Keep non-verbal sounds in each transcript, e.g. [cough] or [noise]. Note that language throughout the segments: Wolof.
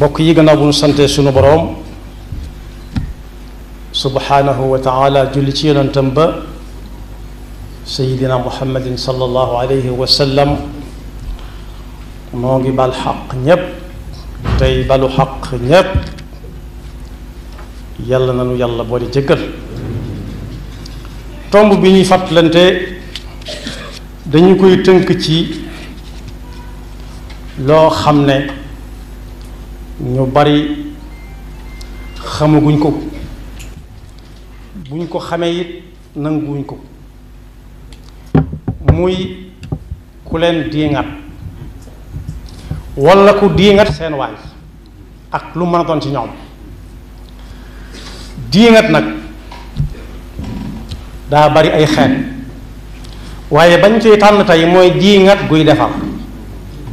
بوك ييغنا بون سانتي سونو بروم سبحانه وتعالى جولي تي يونتام سيدنا محمد صلى الله عليه وسلم موغي بالحق نيب تاي بالو حق نيب يالا نانو يالا بودي جيغل تومب بي ني فاتلانتي دا نيكوي تنك تي لو خامني ñu bari xamaguñ ko buñ ko xamee it nanguwuñ ko muy ku leen diingat walla ku diingat seen waay ak lu mën a doon ci ñoom diingat nag daa bari ay xen waaye bañ cay tànn tey mooy diingat guy defar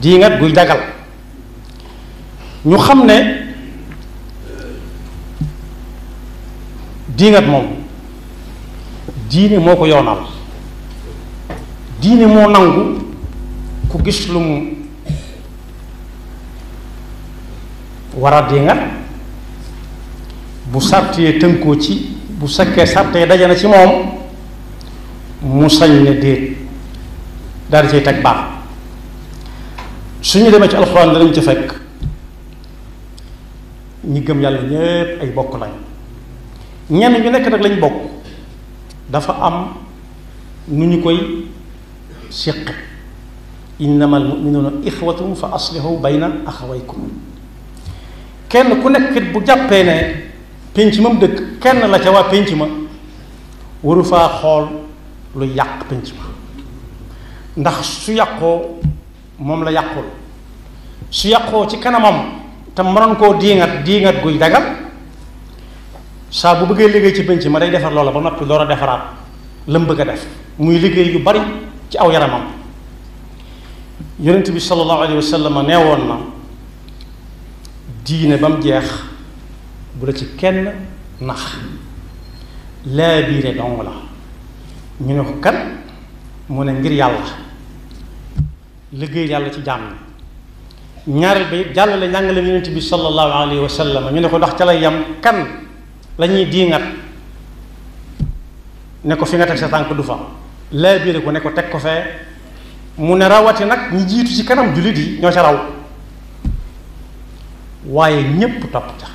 diingat guy jagal ñu xam ne diingat moom diine moo ko yoonal diine moo nangu ku gis lu mu war a diingat bu sàrtee tënkoo ci bu sakkee sàrtee daje na ci moom mu sañ ne déet daal di cay teg baax su ñu demee ci alxuraan danañ ci fekk ñi gëm yàlla ñépp ay bokk lañ ñenn ñu nekk nag lañ bokk dafa am nu ñu koy séq innama almuminuuna ixwatum fa aslihu bayna axawaykum kenn ku nekk bu jàppee ne pénc mam dëkk kenn la ca waa pénc ma waru faa xool lu yàq pénc ma ndax su yàqoo moom la yàqul su yàqoo ci kanamam te mënoon koo diingat diingat guy dagal saa bu bëggee liggéey ci ci ma day defar loola ba noppi door a defaraat la mu bëgg a def muy liggéey yu bari ci aw yaramam yonent bi sallallahu alayhi wa sallam nee woon na diine ba mu jeex bu la ci kenn nax laa biire dong la ñu ne ko kan mu ne ngir yàlla liggéey yàlla ci jàmm ñaareel bi it jàllale njàngale yonent bi sallallahu alaihi wasallam ñu ne ko ndax ci la yam kan la ñuy diingat ne ko fi nga tek sa tank du fa laabire ko ne ko tek ko fe mu ne rawati nak ñi jitu ci kanam julit yi ñoo ci raw waye ñepp top tax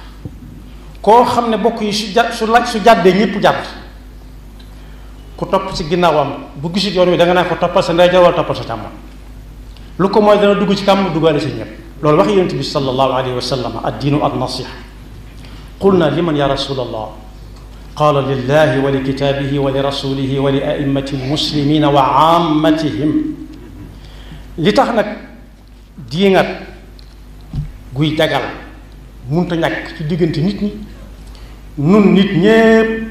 ko xamne ne bokk yi su ja su laaj su jàddee ku top ci ginnawam bu gisit yoon wi da nga na ko topal sa ndey jawal topal sa càmmoñ lu ko moy dana dugg ci kam duggaale si ñepp loolu wax yonent bi sallallahu alayhi wa sallam ad diinu an nasiha qulna liman ya rasulallah qaala lillahi wa li kitaabihi wa li rasulihi wa li a'immati muslimina wa ammatihim li tax nag diingat guy dagal munta ñàkk ci diggante nit ñi nun nit ñépp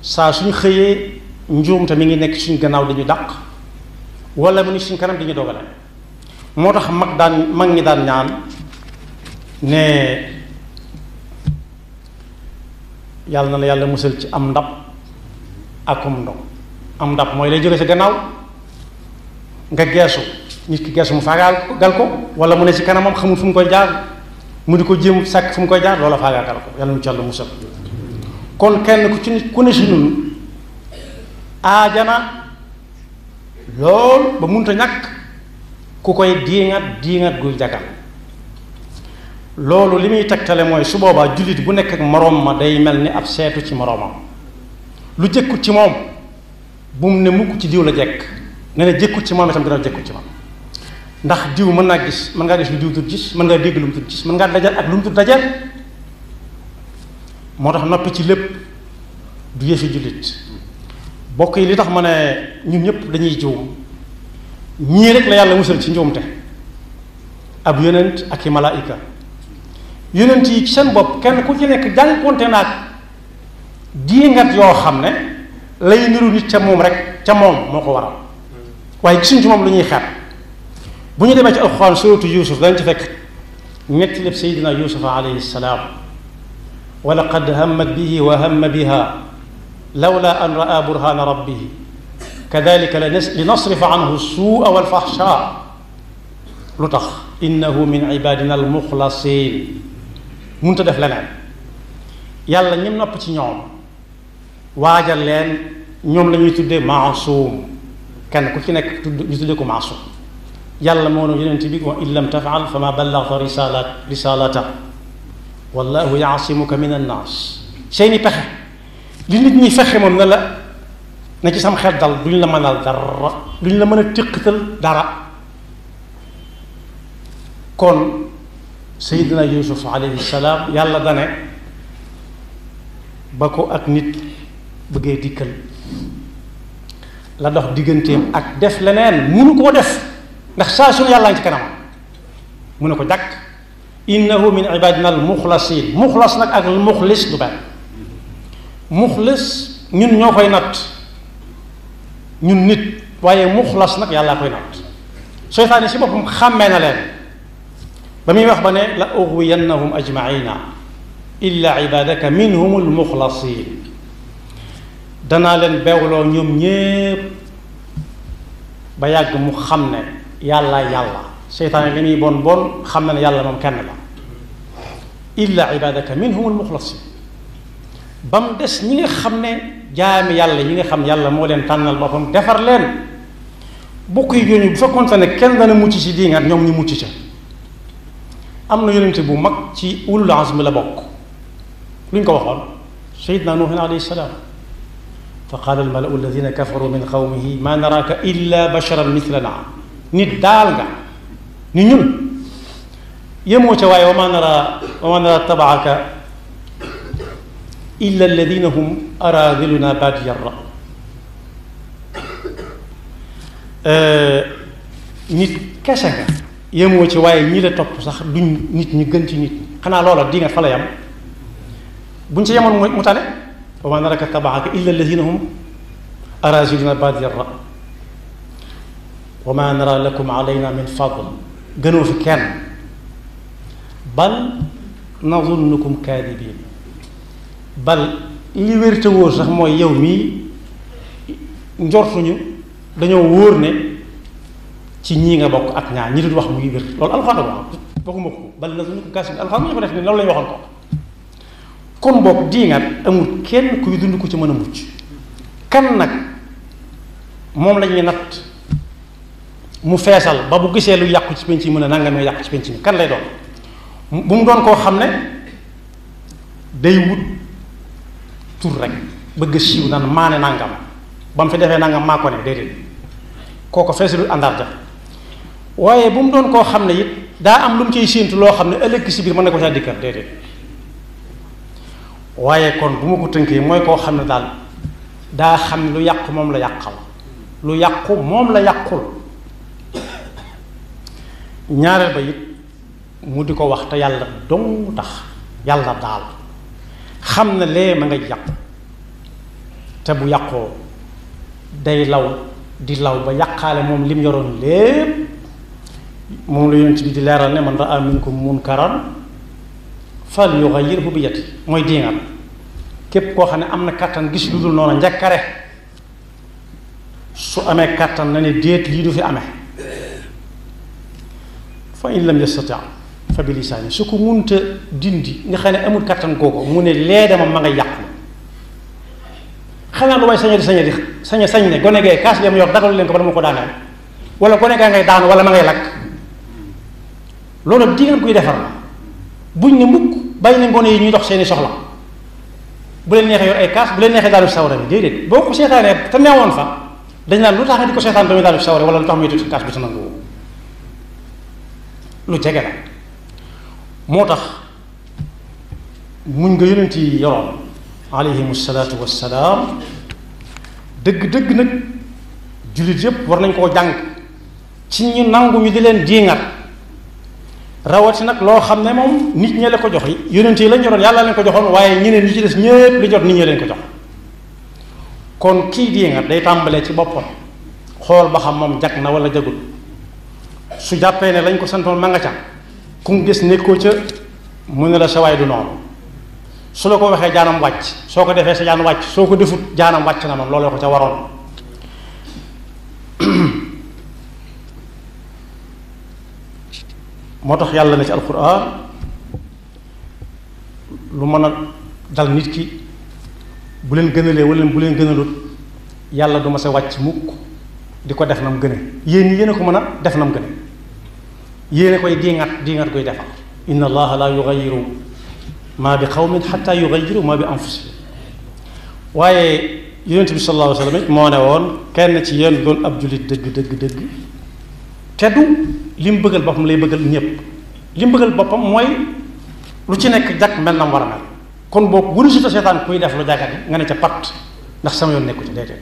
saa suñu xëyee njuumte mi ngi nekk suñu gannaaw dañu dàq wala mu ni suñu kanam dañu dogale motax mag dan mag ni dan ñaan ne yalla na la yalla musal ci am ndap akum ndox am ndap moy lay jóge ci gannaaw nga geesu nit ki geesu mu faagaal gal ko wala mu ne ci kanamam xamul fu mu koy jaar mu diko jëm sak fu mu koy jaar loola gal ko yalla ci kon kenn ku ci nit ku ne ci ñun aajana lool ba munta ñak ku koy diiŋat diiŋat guy dagan loolu li muy tegtale mooy su boobaa jullit bu nekk ak moroom ma day mel ni ab seetu ci moroomam lu jëkkut ci moom bu ne mukk ci diw la jekk ne ne jëkkut ci moom itam dina jëkkut ci moom ndax diw mën naa gis mën ngaa gis lu diw tut gis mën ngaa dégg lu mu tut gis mën ngaa dajal ak lu mu tut dajal moo tax noppi ci lépp du yëfi jullit bokk yi li tax ma ne ñun ñëpp dañuy jiw ñi rek la yàlla musal ci njuumte ab yonent ak i malaayika yonent yi ci seen bopp kenn ku ci nekk jànkonte naag diingat yoo xam ne lay niru nit ca moom rek ca moom moo ko waral waaye gisuñ ci moom lu ñuy xeet bu ñu demee ci alxuraan suratu yusuf dañ ci fekk ñetti lépp sayidina yusuf alayhi salaam wa laqad hammat bihi wa hamma biha lawla an raa burhana rabbihi كذلك لنصرف عنه السوء والفحشاء لطخ إنه من عبادنا المخلصين منتدف لنا يلا نمنا بتنيوم واجر لين نيوم لن يتدى معصوم كان كتنا يتدك معصوم يلا مونو ينتبك وإن لم تفعل فما بلغ رسالات رسالته والله يعصمك من الناس شيني بخي لنبني فخي من الله na ci sam xel dal duñ la mënal dara duñ la mën a téqatal dara kon sayidina yusuf alayhi salaam yàlla dane ba ko ak nit bëggee dikkal la dox digganteem ak def leneen munu koo def ndax saa su yàlla ci kanam mu ne ko jàkk innahu min ibadina al muxlasin muxlas nag ak muxlis du benn muxlis ñun ñoo koy natt ñun nit waaye muxlas nag yàlla koy natt seytaane si boppam xàmmee na leen ba muy wax ba ne la uxwiyannahum ajmaina illa ibadaka minhum almuxlasin dana leen bewloo ñoom ñépp ba yàgg mu xam ne yàlla yàlla seytaane li muy bon bon xam na ne yàlla moom kenn la illa ibadaka minhum almuxlasin bam mu des ñi nga xam ne jaami yàlla yi nga xam yàlla moo leen tànnal boppam defar len bokk yi yooyu bu fekkoonte ne kenn dana mucc ci diingat ñoom ñu mucc ca am na yonente bu mag ci ulul azmi la bokk lu ñu ko waxoon sayidna nuuhin alayhi salam fa qaala almalau alladina kafaru min qawmihi ma naraaka illa basharan mislana nit daal nga ni ñun yemoo ca waaye wa ma nara wa ma nara tabaaka إلا الذين هم أراذلنا بادي الرأي nit kese nga yemoo ci waaye ñi la topp sax duñ nit ñi gën ci nit ñi xanaa loola di nga fa la yam buñ ci yemoon mu tane wa ma naraka tabaaka illa alladina hum arasiluna badi ra wa ma nara lakum alayna min fadl gënoo fi kenn bal nazunnukum kaadibin bal li wér wóor sax mooy yow mii njortuñu dañoo wóor ne ci ñii nga bokk at naa ñi doon wax muy wér loolu alxuraan la ko bal na suñu ko mu ñu ko def ne loolu lañu waxoon ko kon bokk diingat amul kenn kuy dund ko ci mën a mucc kan nag moom lañuy natt mu feesal ba bu gisee lu yàqu ci penc yi mën a nangam yàqu ci penc mi kan lay doon bu mu doon koo xam ne day wut tur rek bëgg siiw naan maane nangam ba mu fi defee nangam maa ko ne déedéet kooko feesalul àndarja waaye bu mu doon koo xam ne it daa am lu mu ciy séentu loo xam ne ëllëg si biir man na ko caa dikkal déedéet waaye kon bu ma ko tënkee mooy koo xam ne daal daa xam ne lu yàqu moom la yàqal lu yàqu moom la yàqul ñaareel ba it mu di ko wax te yàlla dong tax yàlla daal xam na lee ma nga yàq te bu yàqoo day law di law ba yàqaale moom lim yoroon lépp moom la yonent bi di leeral ne man raa minkum munkaran fal yughayyirhu bi yadihi mooy diingal képp koo xam ne am na kàttan gis lu dul noonu njàkkare su amee kàttan na ne déet lii du fi amee fa in lam yastati' fa bi lisaani su ko munta dindi nga xam ne amul kattan googu mu ne lee dama ma nga yàqu xanaa lu may saña di saña di saña sañ ne gone gee kaas yam yor dagalu leen ko ba dama ko daaneel wala gone gaa ngay daanu wala ma ngay lakk loolu di koy defar buñ ne mukk bàyyi na gone yi ñuy dox seeni soxla bu leen neexee ay kaas bu leen neexee daanu sawara bi déedéet boo ko seetaanee te newoon fa dañ naan lu tax nga di ko seetaan ba muy daanu sawara wala lu tax muy tuuti kaas bi te nangu lu jege la motax muñ nga yonent yoro alayhi alayhim wassalam deug deug nak julit yépp war nañ ko jang ci ñu nangu ñu di leen diingat rawati nak lo xamne mom nit ñe la ko jox yonent la lañ yalla lañ ko joxon waye ñeneen ñu ci des ñepp li jot nit ñe leen ko jox kon ki diingat day tàmbalee ci bopam xol ba xam mom jak na wala jagul su jàppee lañ ko santoon ma nga ca ku mu gis nekkoo ca mu ne la sa waay du noonu su la ko waxee jaanam wàcc soo ko defee sa jaan wàcc soo ko defut jaanam wàcc na moom looloo ko ca waroon [clears throat] moo tax yàlla na ci alquran lu mën a dal nit ki bu leen gënalee wala bu leen gënalut yàlla duma ma wàcc mukk di ko def na mu gëne yéen ñi yéen a ko mën a def na mu gëne yéene koy diŋat diŋat koy defar inna allaha la yugayiru ma bi xawmin xatta yugayiru ma bi anfusihim waaye yonent bi sallallahu alayhi wa sallam moo ne woon kenn ci yéen doon ab jullit dëgg dëgg dëgg te du lim mu bëggal boppam lay bëggal ñëpp lim mu bëggal boppam mooy lu ci nekk jàkk mel na war a mel kon boo wëru si ta seetaan kuy def lu jàkkat nga ne ca pat ndax sama yoon nekku ci déedéet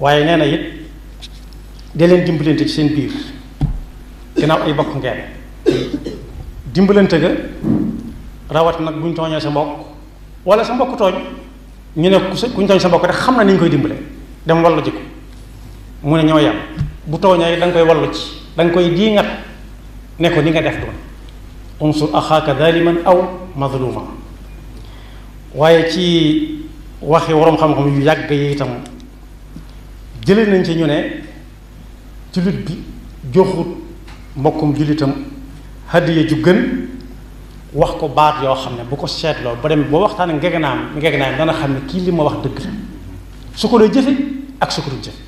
waaye nee na it de leen dimbalante ci seen biir ginnaaw ay bokk ngeen dimbalante ga rawat nag buñ tooñee sa mbokk wala sa mbokk tooñ ñu ne kuñ tooñ sa mbokk rek xam na ni ngi koy dimbale dem wallu ji ko mu ne ñoo yam bu tooñee da nga koy wallu ci da nga koy diingat ne ko ni nga def doon unsur akhaka daliman aw mazluma waaye ci waxi worom xam-xam yu yàgg yi itam jëlee nañ ci ñu ne ci lut bi joxut mbokkum julitam hadiya ju gën wax ko baat yoo xam ne bu ko seetloo ba dem ba waxtaan ak ngegenaam ngegenaam dana xam ne kii li ma wax dëgg la su ko dee jëfe ak su ko dul jëfe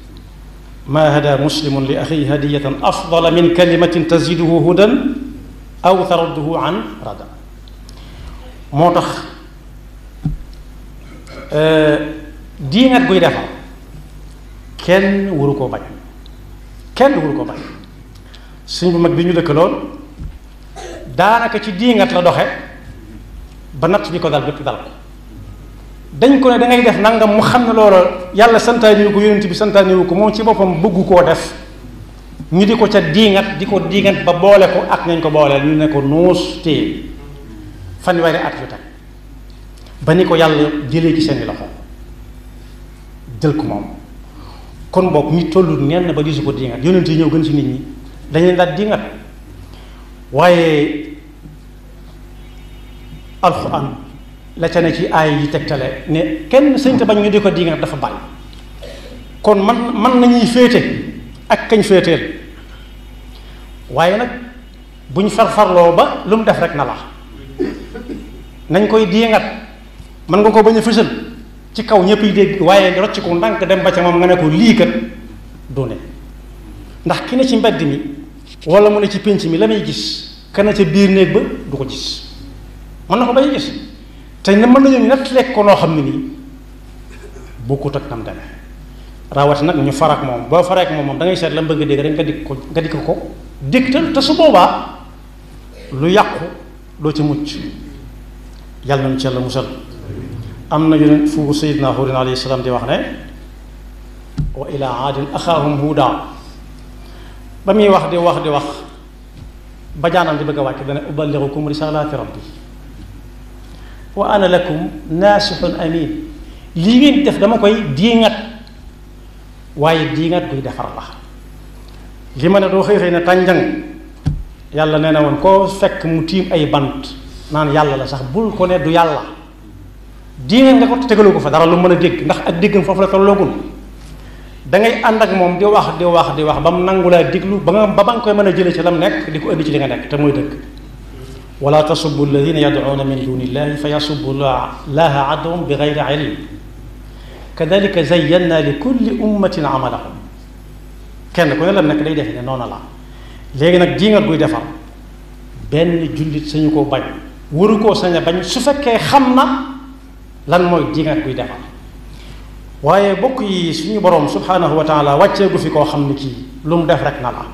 ma hada muslimun li axi hadiyatan afdala min kalimatin taziduhu hudan aw tarudduhu an rada moo tax diingat buy defar kenn waru koo bañ kenn waru koo bañ suñ bu mag bi ñu dëkk lool daanaka ci diingat la doxe ba natt bi ko dal bépp dal ko dañ ko ne da def nangam mu xam ne loolu yàlla santaaniwu ko yonent bi santaaniwu ko moom ci boppam bëggu koo def ñu di ko ca diingat di ko diingat ba boole ko ak nañ ko booleel ñu ne ko nuus téye fanweeri at ba ni ko yàlla jëlee ci seeni loxo jël ko moom kon boog mi tollu nenn ba gisu ko diingat yonent yi ñëw gën ci nit ñi dañ leen daal dingat waaye alxuraan la ca ne ci aay yi tegtale ne kenn sëñta bañ ñu di ko dingat dafa bari kon man man nañuy féete ak kañ féeteel waaye nag bu ñu ba lu mu def rek na la nañ koy dingat mën nga ko bañ a fësal ci kaw ñëpp yi dégg waaye rocc ko dem ba ca moom nga ne ko lii kat du ndax ki ne ci mbedd mi wala mu ne ci pénc mi la muy gis kana ca biir néeg ba du ko gis mën na ko bay gis te ne mën nañu nett lekk ko noo xam ne nii bokkut ak nam demee raawati nag ñu farak moom boo farak moom moom da ngay seet la mu bëgg a dégg ko nga dikk ko su boobaa lu yàqu ci mucc yàlla nañu ci yàlla musal am na yeneen fu Sayyidina Huudin alayhi salaam di wax ne wa ila aadin axaahum huudaa ba muy wax di wax di wax ba jaanam di bëgg a wàcc dana uballirukum risalaati rabbi wa ana lakum naasixun amin lii ngeen def dama koy diingat waaye diingat guy defar la li ma ne doo xëy xëy ne tànjang yàlla nee na woon koo fekk mu tiim ay bant naan yàlla la sax bul ko ne du yàlla diingat nga ko tegaloo ko fa dara lu mën a dégg ndax ak déggam foofu la tolloogul da ngay ànd ak mom di wax di wax di wax bam nangula diglu ba nga ba ba nga koy mën a ci lam nek diko andi ci li nga nek te moy deug wala tasubbu alladhina yad'una min duni illahi fa yasubbu llaha adwan ilm kadalika zayyanna li kulli ummatin amalahum kenn ku ne lam nekk day def ne noona la léegi nag ji nga guy defar benn jullit sañu koo bañ waru koo sañ a bañ su fekkee xam lan mooy ji nga guy defar waye bokk yi suñu borom subhanahu wa taala wacce gu fi ko xamni ni lum def rek na la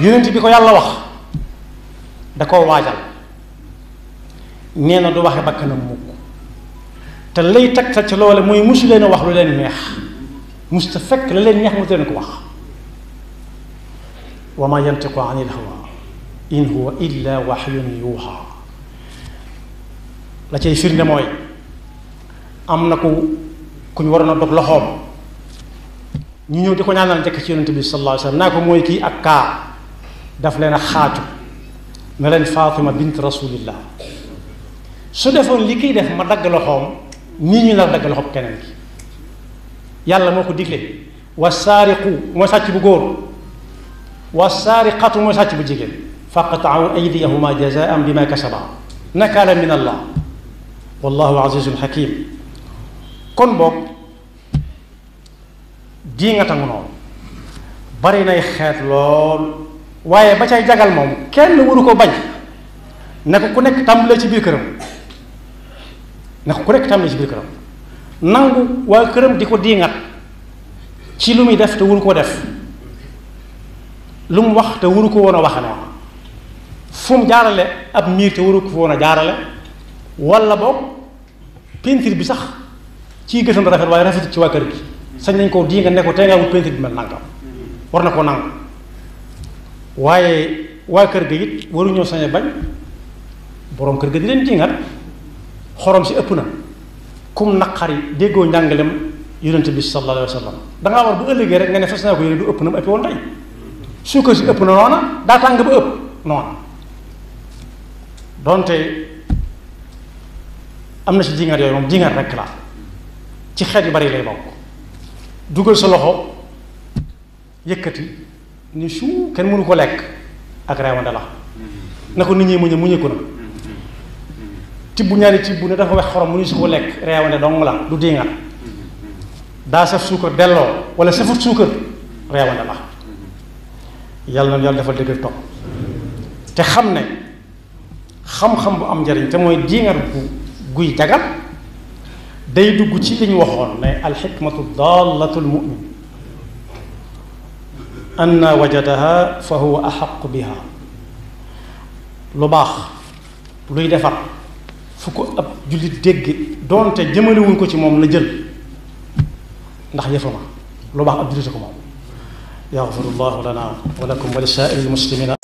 yonent bi ko yàlla wax da ko wajal neena du waxe bakkanam mukk te lay tak ta ci lolé moy musu leen wax lu leen neex mus ta la leen neex mu leen ko wax wa ma yantiqu ani al hawa in huwa illa wahyun yuha la cey firne moy amna ko ku ñu waroon a dog loxoom ñu ñëw di ko ñaanal njëkk ci yonente bi sallallahu alayhi wasallam naa ko mooy kii ak kaa daf leen a xaaju na leen Fatima bint rasulillah su defoon li kiy def ma dagg loxoom nii ñu nar dagg loxoom keneen ki yàlla moo ko digle wa saariqu mooy sàcc bu góor wa saariqatu mooy sàcc bu jigéen faqta'u aydiyahuma jazaan bima kasaba nakala min allah wallahu azizun hakim kon boog jii nga tangu noonu bari nay xeet lool waaye ba cay jagal moom kenn waru ko bañ ne ko ku nekk tàmbalee ci biir këram ne ko ku nekk tàmbalee ci biir këram nangu waa këram di ko diingat ci lu muy def te waru koo def lu mu wax te waru ko woon a waxe noonu fu mu jaarale ab miir te waru ko woon a jaarale walla boog peinture bi sax ci gësam da rafet waaye rafetul ci waa kër gi sañ nañ koo di nga ne ko tey ngaa wut peinture bi mel nangam war na ko nangu waaye waa kër ga waru ñëw sañ a bañ boroom kër ga di leen dingat xorom si ëpp na kum naqari déggoo njàngalem yonente bi sallallahu alayhi wa sallam dangaa war bu ëllëgee rek nga ne du ëpp na mu ëpp woon si ëpp na noona daa tàng ba ëpp noona donte am na si dingat yooyu moom dingat rek la ci xeet yu bari lay bokk dugal sa loxo yëkkati ni suu kenn mënu ko lekk ak reewande la na ko nit ñi muñu muñu ko na tibb ñaari tibb ne dafa wex xorom mu ñu su ko lekk reewande dong la du diiŋat daa saf suukar delloo wala safut suukar reewande la yàlla na yàlla dafa dëgg topp te xam ne xam-xam bu am njariñ te mooy diiŋat bu guy jagal day dugg ci liñ waxoon ne alxikmatu dallatu lmumin anna wajadaha fa huwa axaqu biha lu baax luy defar fu ko ab jullit dégg doonte wuñ ko ci moom la jël ndax yëfama lu baax ab jullit ko moom yaxfiru llahu lana wa lakum wa li saa'iri lmuslimina